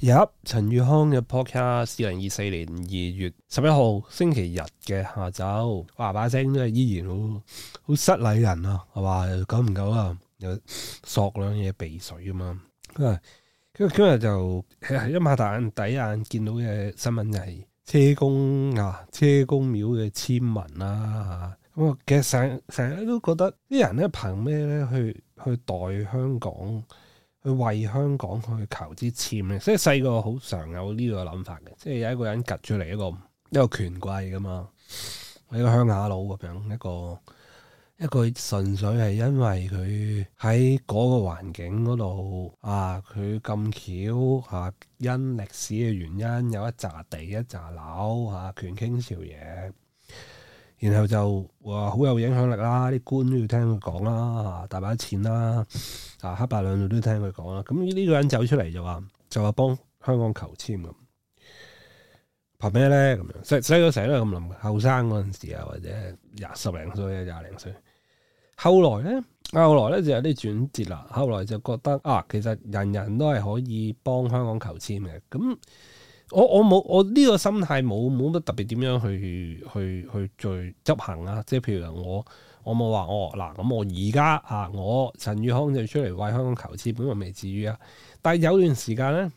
入陳宇康嘅 podcast，二零二四年二月十一號星期日嘅下晝，話把聲都係依然好好失禮人啊，係嘛？久唔久啊，又索兩嘢鼻水啊嘛。咁啊，今日就一擘大眼第一眼見到嘅新聞就係車公啊，車公廟嘅簽文啦、啊、嚇。咁啊，啊，其實成成日都覺得啲人咧憑咩咧去去代香港？去為香港去求支簽咧，所以細個好常有呢個諗法嘅，即係有一個人趌出嚟一個一個權貴㗎嘛，一個鄉下佬咁樣一個一個純粹係因為佢喺嗰個環境嗰度啊，佢咁巧嚇、啊，因歷史嘅原因有一揸地一揸樓嚇，權傾朝野。然後就話好有影響力啦，啲官都要聽佢講啦，吓大把錢啦，啊黑白兩道都要聽佢講啦。咁呢個人走出嚟就話就話、是、幫香港求簽咁，憑咩咧？咁樣，所以所以成日都咁諗，後生嗰陣時啊，或者廿十零歲啊，廿零歲。後來咧，後來咧就有啲轉折啦。後來就覺得啊，其實人人都係可以幫香港求簽嘅。咁。我我冇我呢個心態冇冇乜特別點樣去去去，去再執行啊！即係譬如我我冇話我嗱咁，啊、我而家啊，我陳宇康就出嚟為香港求簽，本來，我未至於啊！但係有段時間咧，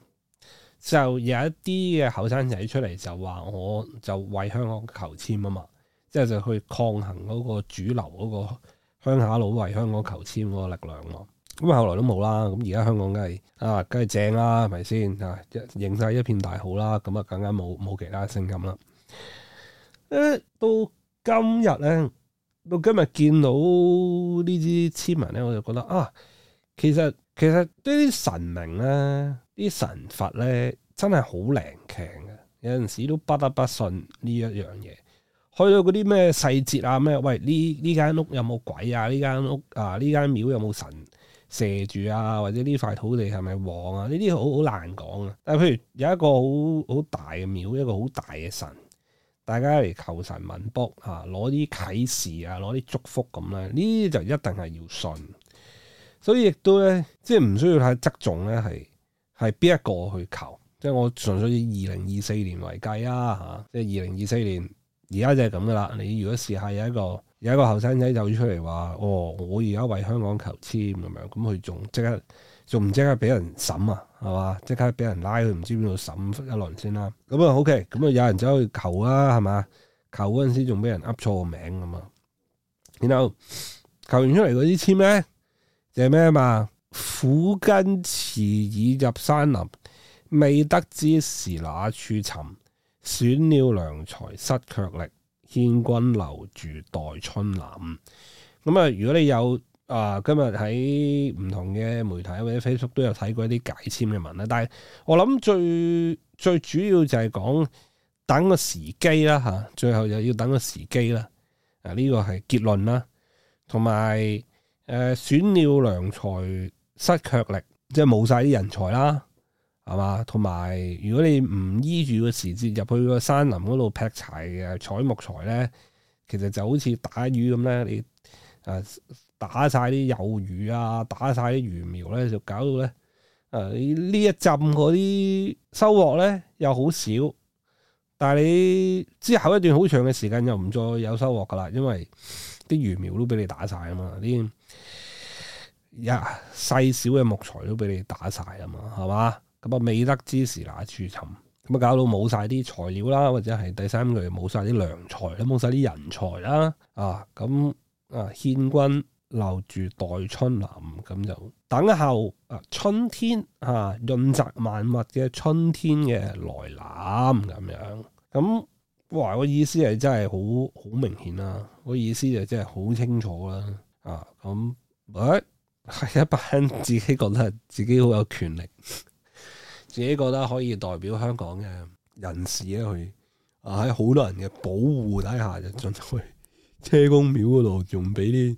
就有一啲嘅後生仔出嚟就話我就為香港求簽啊嘛，即係就去抗衡嗰個主流嗰個鄉下佬為香港求簽嗰個力量咯。咁後來都冇啦，咁而家香港梗係啊，梗係正啦，係咪先啊？形勢、啊、一片大好啦，咁啊更加冇冇其他聲音啦。誒、欸，到今日咧，到今日見到呢啲簽文咧，我就覺得啊，其實其實呢啲神明咧，啲神佛咧，真係好靈強嘅，有陣時都不得不信呢一樣嘢。去到嗰啲咩細節啊，咩喂？呢呢間屋有冇鬼啊？呢間屋啊？呢間廟有冇神？射住啊，或者呢塊土地係咪旺啊？呢啲好好難講啊。但係譬如有一個好好大嘅廟，一個好大嘅神，大家嚟求神問卜吓，攞、啊、啲啟示啊，攞啲祝福咁、啊、咧，呢啲就一定係要信。所以亦都咧，即係唔需要太側重咧，係係邊一個去求。即係我純粹以二零二四年為計啊，吓、啊，即係二零二四年，而家就係咁噶啦。你如果試下有一個。有一個後生仔走出嚟話：哦，我而家為香港求簽咁樣，咁佢仲即刻仲唔即刻俾人審啊？係嘛？即刻俾人拉去唔知邊度審一輪先啦。咁啊，OK，咁啊，有人走去求啊？係嘛？求嗰陣時仲俾人噏錯個名咁啊。然後求完出嚟嗰啲簽咩？就咩啊嘛？苦根遲已入山林，未得知時那處尋，損了良才失卻力，天君留住待春南，咁啊！如果你有啊，今日喺唔同嘅媒體或者 Facebook 都有睇過一啲解簽嘅文啦，但係我諗最最主要就係講等個時機啦嚇，最後又要等個時機啦，啊呢個係結論啦，同埋誒選了良才失卻力，即係冇晒啲人才啦。係嘛？同埋如果你唔依住個時節入去個山林嗰度劈柴嘅採木材咧，其實就好似打魚咁咧，你誒打晒啲幼魚啊，打晒啲魚苗咧，就搞到咧誒呢、呃、一浸嗰啲收穫咧又好少，但係你之後一段好長嘅時間又唔再有收穫噶啦，因為啲魚苗都俾你打晒啊嘛，啲呀細小嘅木材都俾你打晒啊嘛，係嘛？咁啊，未得之時哪處尋？咁啊，搞到冇晒啲材料啦，或者係第三句冇晒啲良才，冇晒啲人才啦，啊，咁啊，獻君留住待春臨，咁就等候啊春天啊潤澤萬物嘅春天嘅來臨，咁樣，咁，啊，話，那個意思係真係好好明顯啦，啊，那個意思就真係好清楚啦，啊，啊，咁我係一班自己覺得自己好有權力。自己覺得可以代表香港嘅人士咧，去喺好多人嘅保護底下，就進去車公廟嗰度，仲唔俾啲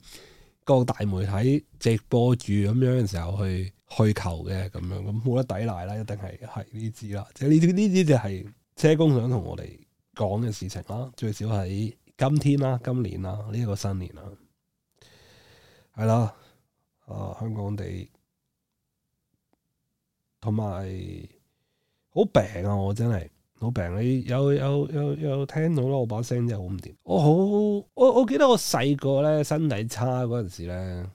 各大媒體直播住咁樣嘅時候去去求嘅咁樣，咁冇得抵賴啦，一定係係呢支啦。即係呢啲呢啲就係車公想同我哋講嘅事情啦。最少喺今天啦，今年啦，呢個新年啦，係啦，啊香港地。同埋好病啊！我真係好病，你有有有有聽到啦？我把聲真係好唔掂。我好我我記得我細個咧身體差嗰陣時咧，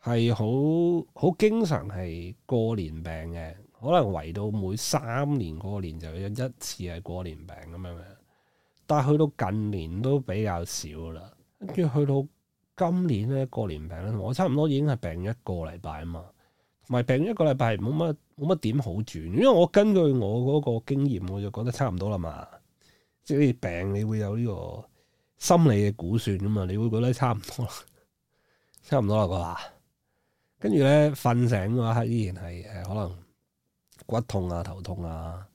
係好好經常係過年病嘅，可能圍到每三年過年就一一次係過年病咁樣樣。但係去到近年都比較少啦，跟住去到今年咧過年病咧，我差唔多已經係病一個禮拜啊嘛。唔係病一個禮拜，冇乜冇乜點好轉，因為我根據我嗰個經驗，我就覺得差唔多啦嘛。即係啲病你會有呢個心理嘅估算㗎嘛，你會覺得差唔多，差唔多啦啩。跟住咧瞓醒嘅話，依然係誒可能骨痛啊、頭痛啊，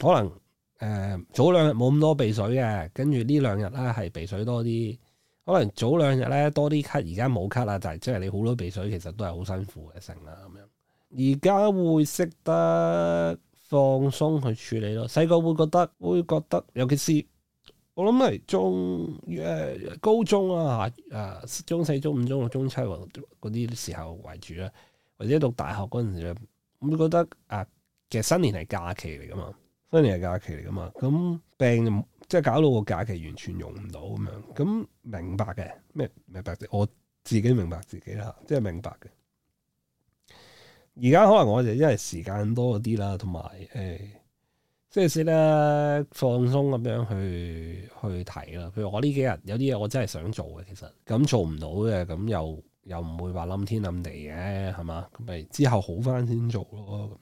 可能誒、呃、早兩日冇咁多鼻水嘅，跟住呢兩日咧係鼻水多啲。可能早兩日咧多啲咳，而家冇咳啦，就係即係你好多鼻水，其實都係好辛苦嘅成日咁樣。而家會識得放鬆去處理咯。細個會覺得，會覺得，尤其是我諗係中誒、yeah, 高中啊吓，誒、啊、中四、中五、中六、中七嗰啲時候為主啦，或者讀大學嗰陣時咧，會覺得誒、啊，其實新年係假期嚟噶嘛，新年係假期嚟噶嘛，咁病就即係搞到個假期完全用唔到咁樣，咁明白嘅咩？明白，明白我自己明白自己啦，即係明白嘅。而家可能我就因為時間多咗啲啦，同埋誒，即係先咧放鬆咁樣去去睇啦。譬如我呢幾日有啲嘢我真係想做嘅，其實咁做唔到嘅，咁又又唔會話冧天冧地嘅係嘛？咁咪之後好翻先做咯。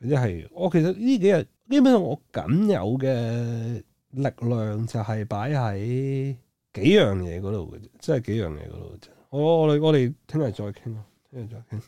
咁樣或者係我其實呢幾日基本上我僅有嘅。力量就係擺喺幾樣嘢嗰度嘅啫，即係幾樣嘢嗰度啫。我我我哋聽日再傾咯，聽日再傾。